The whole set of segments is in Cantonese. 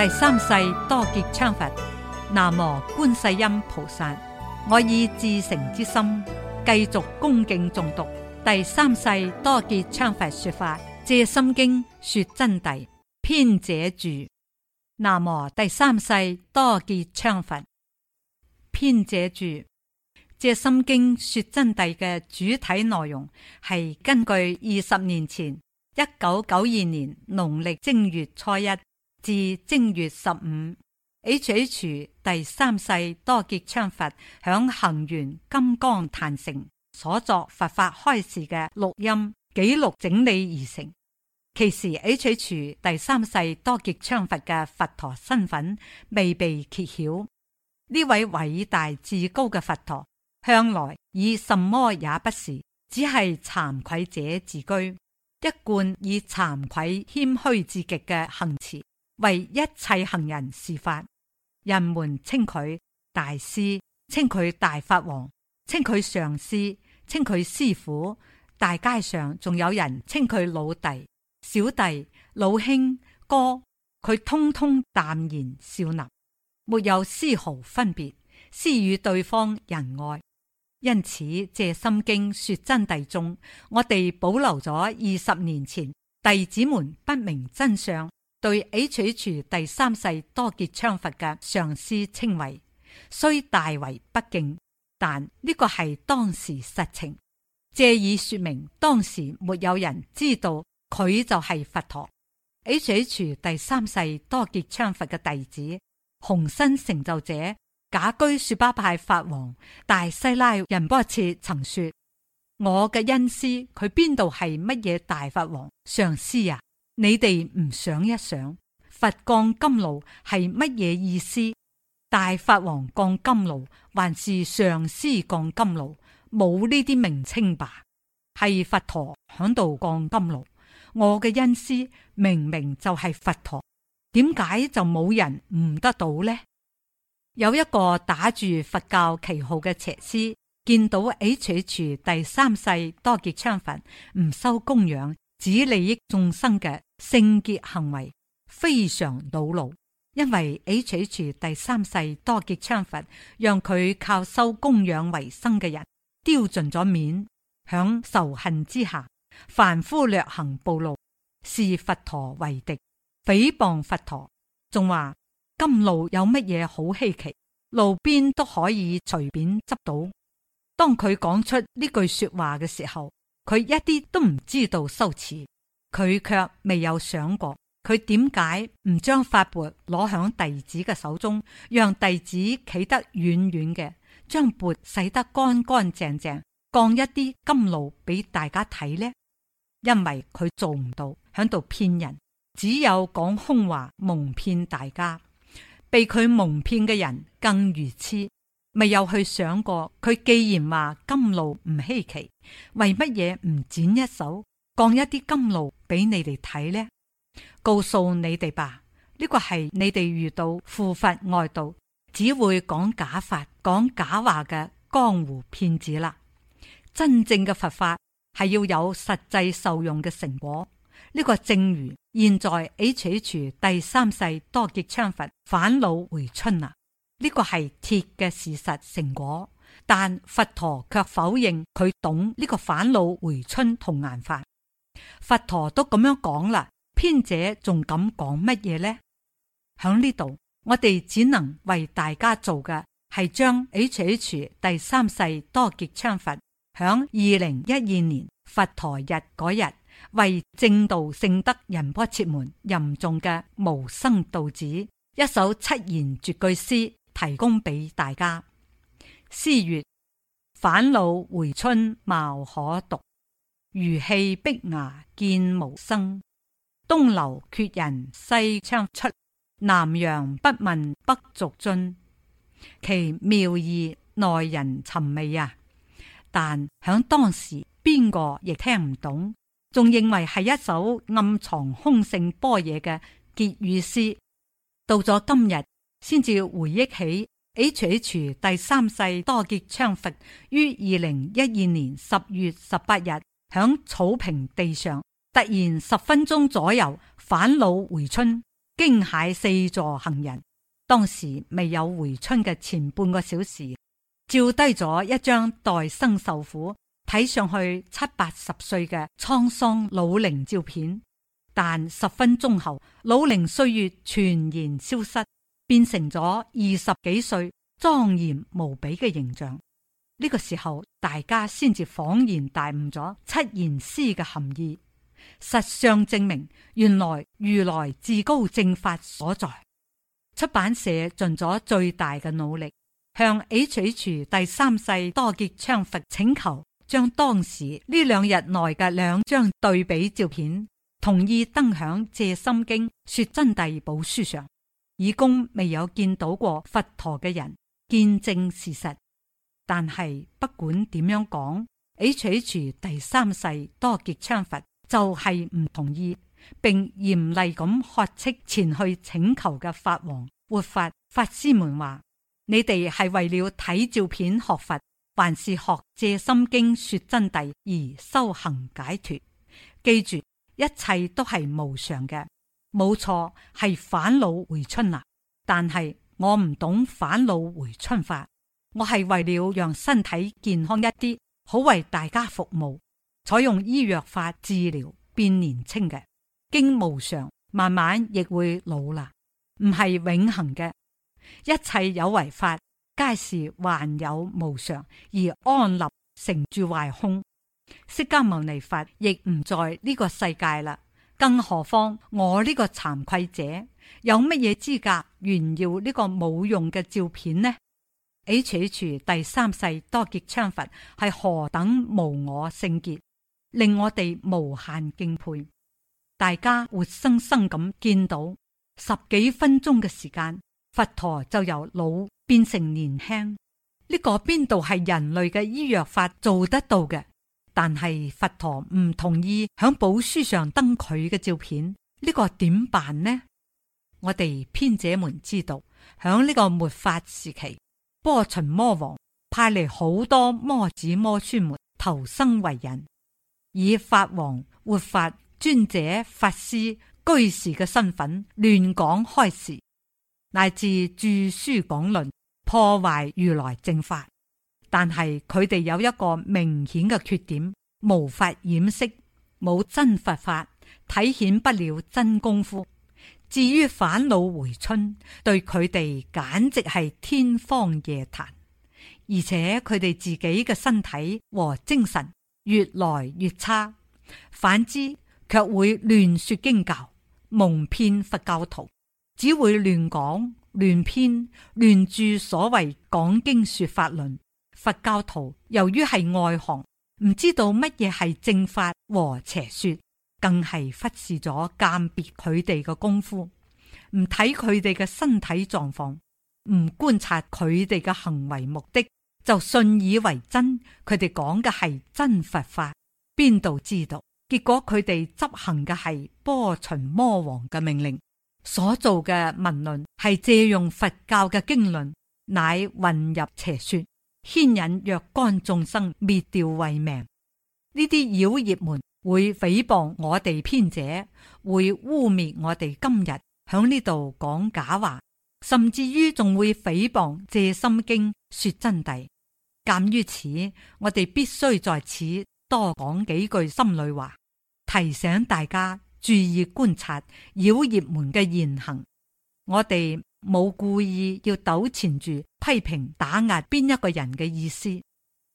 第三世多杰羌佛，南無觀世音菩薩。我以至誠之心，繼續恭敬誦讀第三世多杰羌佛說法《藉心經》說真諦編者註。南無第三世多杰羌佛編者註。《藉心經》說真諦嘅主體內容係根據二十年前一九九二年農曆正月初一。自正月十五，H H 第三世多杰羌佛響行源金剛壇城所作佛法開示嘅錄音記錄整理而成。其時 H H 第三世多杰羌佛嘅佛陀身份未被揭曉。呢位偉大至高嘅佛陀，向來以什麼也不是，只係慚愧者自居，一貫以慚愧謙虛至極嘅行詞。為一切行人示法，人們稱佢大師，稱佢大法王，稱佢上師，稱佢師傅。大街上仲有人稱佢老弟、小弟、老兄、哥，佢通通淡然笑納，沒有絲毫分別，施與對方仁愛。因此借心經說真諦中，我哋保留咗二十年前弟子們不明真相。對 H H 第三世多杰羌佛嘅上師稱謂，雖大為不敬，但呢個係當時實情。借以說明當時沒有人知道佢就係佛陀。H H 第三世多杰羌佛嘅弟子，虹身成就者賈居雪巴派法王大西拉仁波切曾說：我嘅恩師佢邊度係乜嘢大法王上師呀、啊？」你哋唔想一想，佛降甘露係乜嘢意思？大法王降甘露，還是上師降甘露？冇呢啲名稱吧？係佛陀響度降甘露，我嘅恩師明明就係佛陀，點解就冇人悟得到呢？有一個打住佛教旗號嘅邪師，見到 H.H. 第三世多杰羌佛，唔收供養。指利益眾生嘅聖潔行為非常惱怒，因為 H.H. 第三世多杰羌佛，讓佢靠收供養為生嘅人丟盡咗面。響仇恨之下，凡夫略行暴露，視佛陀為敵，誹謗佛陀，仲話甘露有乜嘢好稀奇，路邊都可以隨便執到。當佢講出呢句說話嘅時候。佢一啲都唔知道羞恥，佢卻未有想過，佢點解唔將法缽攞響弟子嘅手中，讓弟子企得遠遠嘅，將缽洗得乾乾淨淨，降一啲甘露俾大家睇呢？因為佢做唔到，喺度騙人，只有講空話蒙騙大家，被佢蒙騙嘅人更如痴。咪有去想過，佢既然話甘露唔稀奇，為乜嘢唔剪一手，降一啲甘露俾你哋睇呢？告訴你哋吧，呢、這個係你哋遇到附佛外道，只會講假法、講假話嘅江湖騙子啦。真正嘅佛法係要有實際受用嘅成果。呢、這個正如現在 HH 第三世多杰羌佛返老回春啊！呢個係鐵嘅事實成果，但佛陀卻否認佢懂呢個返老回春同顏法。佛陀都咁樣講啦，編者仲敢講乜嘢呢？響呢度，我哋只能為大家做嘅係將 H.H. 第三世多杰羌佛響二零一二年佛陀日嗰日為正道聖德仁波切門任重嘅無生道子一首七言絕句詩。提供俾大家。詩曰：返老回春貌可讀，如氣碧崖，見無生。東流缺人西窗出，南陽不問北族盡。其妙意耐人尋味啊！但響當時，邊個亦聽唔懂，仲認為係一首暗藏空性般若嘅結語詩。到咗今日，先至回憶起 H H 第三世多杰羌佛於二零一二年十月十八日響草坪地上突然十分鐘左右返老回春，驚駭四座行人。當時未有回春嘅前半個小時，照低咗一張代生受苦，睇上去七八十歲嘅滄桑老齡照片，但十分鐘後，老齡歲月全然消失。變成咗二十幾歲莊嚴無比嘅形象，呢、這個時候大家先至恍然大悟咗七言詩嘅含義。實相證明，原來如來至高正法所在。出版社盡咗最大嘅努力，向 H.H. 第三世多杰羌佛請求，將當時呢兩日內嘅兩張對比照片，同意登響《借心經說真諦寶書》上。以供未有見到過佛陀嘅人見證事實，但係不管點樣講，H.H. 第三世多杰羌佛就係、是、唔同意，並嚴厲咁喝斥前去請求嘅法王、活佛、法師們話：你哋係為了睇照片學佛，還是學《藉心經》說真諦而修行解脱？記住，一切都係無常嘅。冇錯，係返老回春啦。但係我唔懂返老回春法，我係為了讓身體健康一啲，好為大家服務，採用醫藥法治療變年輕嘅。經無常，慢慢亦會老啦，唔係永恒嘅。一切有為法，皆是幻有無常，而安立成住壞空。釋迦牟尼佛亦唔在呢個世界啦。更何況我呢個慚愧者，有乜嘢資格炫耀呢個冇用嘅照片呢？H H 第三世多杰羌佛係何等無我聖潔，令我哋無限敬佩。大家活生生咁見到十幾分鐘嘅時間，佛陀就由老變成年輕，呢個邊度係人類嘅醫藥法做得到嘅？但係佛陀唔同意響寶書上登佢嘅照片，呢個點辦呢？我哋編者們知道，響呢個末法時期，波旬魔王派嚟好多魔子魔孫們投生為人，以法王、活法、尊者、法師、居士嘅身份亂講開示，乃至著書講論，破壞如來正法。但係佢哋有一個明顯嘅缺點，無法掩飾，冇真佛法，體現不了真功夫。至於返老回春，對佢哋簡直係天方夜譚。而且佢哋自己嘅身體和精神越來越差，反之卻會亂說經教，蒙騙佛教徒，只會亂講、亂編、亂著所謂講經說法論。佛教徒由於係外行，唔知道乜嘢係正法和邪說，更係忽視咗鑑別佢哋嘅功夫，唔睇佢哋嘅身體狀況，唔觀察佢哋嘅行為目的，就信以為真，佢哋講嘅係真佛法，邊度知道？結果佢哋執行嘅係波旬魔王嘅命令，所做嘅文論係借用佛教嘅經論，乃混入邪說。牽引若干眾生滅掉慧命，呢啲妖孽們會誹謗我哋編者，會污衊我哋今日響呢度講假話，甚至於仲會誹謗《借心經》說真諦。鑒於此，我哋必須在此多講幾句心裏話，提醒大家注意觀察妖孽們嘅言行。我哋冇故意要糾纏住批評打壓邊一個人嘅意思，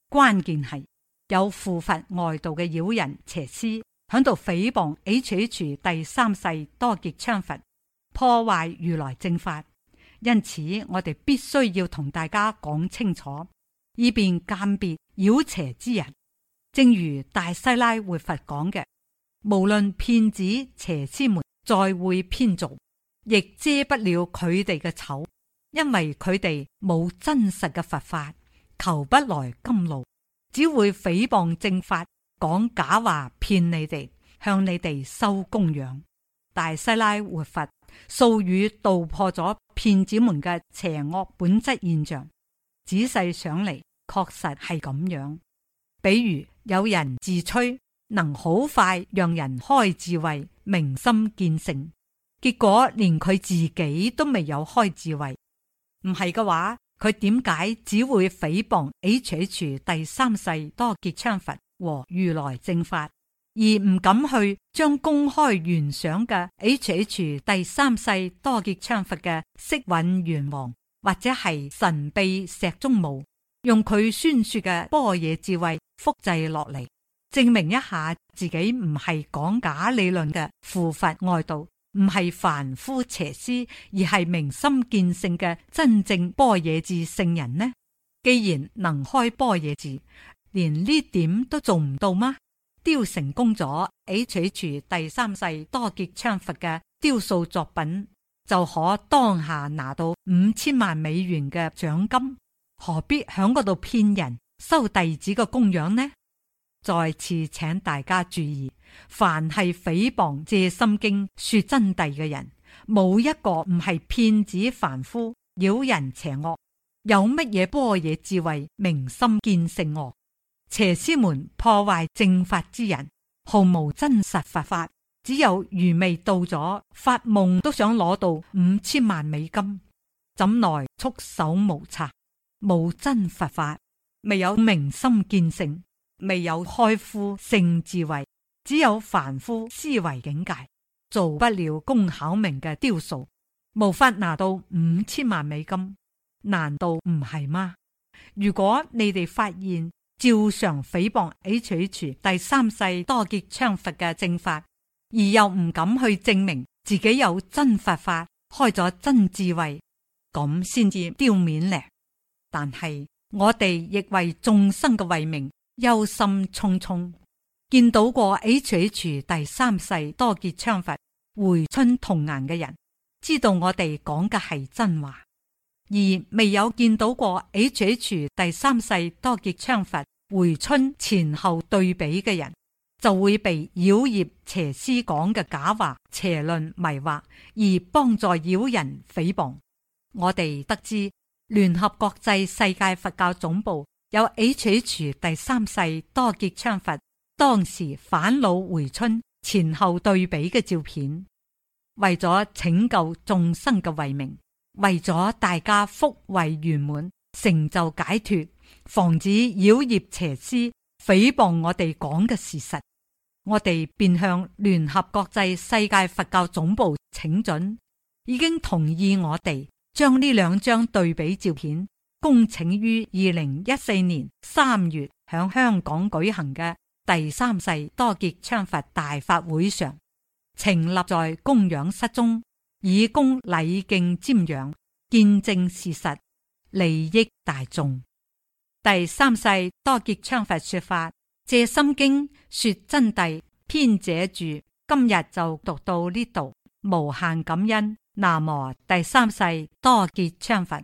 關鍵係有附佛外道嘅妖人邪師響度誹謗，H H, H, H」第三世多杰羌佛破壞如來正法，因此我哋必須要同大家講清楚，以便鑒別妖邪之人。正如大西拉活佛講嘅，無論騙子邪師們再會編造。亦遮不了佢哋嘅醜，因為佢哋冇真實嘅佛法，求不來甘露，只會誹謗正法，講假話騙你哋，向你哋收供養。大西拉活佛數語道破咗騙子們嘅邪惡本質現象，仔細想嚟，確實係咁樣。比如有人自吹能好快讓人開智慧、明心見性。結果連佢自己都未有開智慧，唔係嘅話，佢點解只會誹謗 HH 第三世多杰羌佛和如來正法，而唔敢去將公開懸賞嘅 HH 第三世多杰羌佛嘅色韻圓明或者係神秘石中霧，用佢宣說嘅般若智慧複製落嚟，證明一下自己唔係講假理論嘅附佛外道。唔係凡夫邪師，而係明心見性嘅真正般若智聖人呢？既然能開般若智，連呢點都做唔到嗎？雕成功咗 H-H 第三世多杰羌佛嘅雕塑作品，就可當下拿到五千萬美元嘅獎金，何必響嗰度騙人，收弟子嘅供養呢？再次請大家注意，凡係誹謗《藉心經》說真諦嘅人，冇一個唔係騙子凡夫，妖人邪惡，有乜嘢般若智慧，明心見性惡邪師們破壞正法之人，毫無真實佛法，只有愚昧到咗發夢都想攞到五千萬美金，怎奈束手無策，無真佛法，未有明心見性。未有開夫性智慧，只有凡夫思維境界，做不了功巧明嘅雕塑，無法拿到五千萬美金，難道唔係嗎？如果你哋發現照常誹謗 H H 第三世多杰羌佛嘅正法，而又唔敢去證明自己有真佛法開咗真智慧，咁先至丟面呢。但係我哋亦為眾生嘅慧命，憂心忡忡，見到過 H.H. 第三世多杰羌佛回春童顏嘅人，知道我哋講嘅係真話；而未有見到過 H.H. 第三世多杰羌佛回春前後對比嘅人，就會被妖孽邪師講嘅假話、邪論迷惑，而幫助妖人誹謗。我哋得知聯合國際世界佛教總部。有 H.H. 第三世多杰羌佛當時返老回春前後對比嘅照片，為咗拯救眾生嘅慧命，為咗大家福慧圓滿、成就解脫，防止妖孽邪師誹謗我哋講嘅事實，我哋便向聯合國際世界佛教總部請準，已經同意我哋將呢兩張對比照片。恭請於二零一四年三月喺香港舉行嘅第三世多杰羌佛大法會上，呈立在供養室中，以供禮敬瞻仰，見證事實，利益大眾。第三世多杰羌佛說法《藉心經》說真諦，編者註：今日就讀到呢度，無限感恩。那麼第三世多杰羌佛。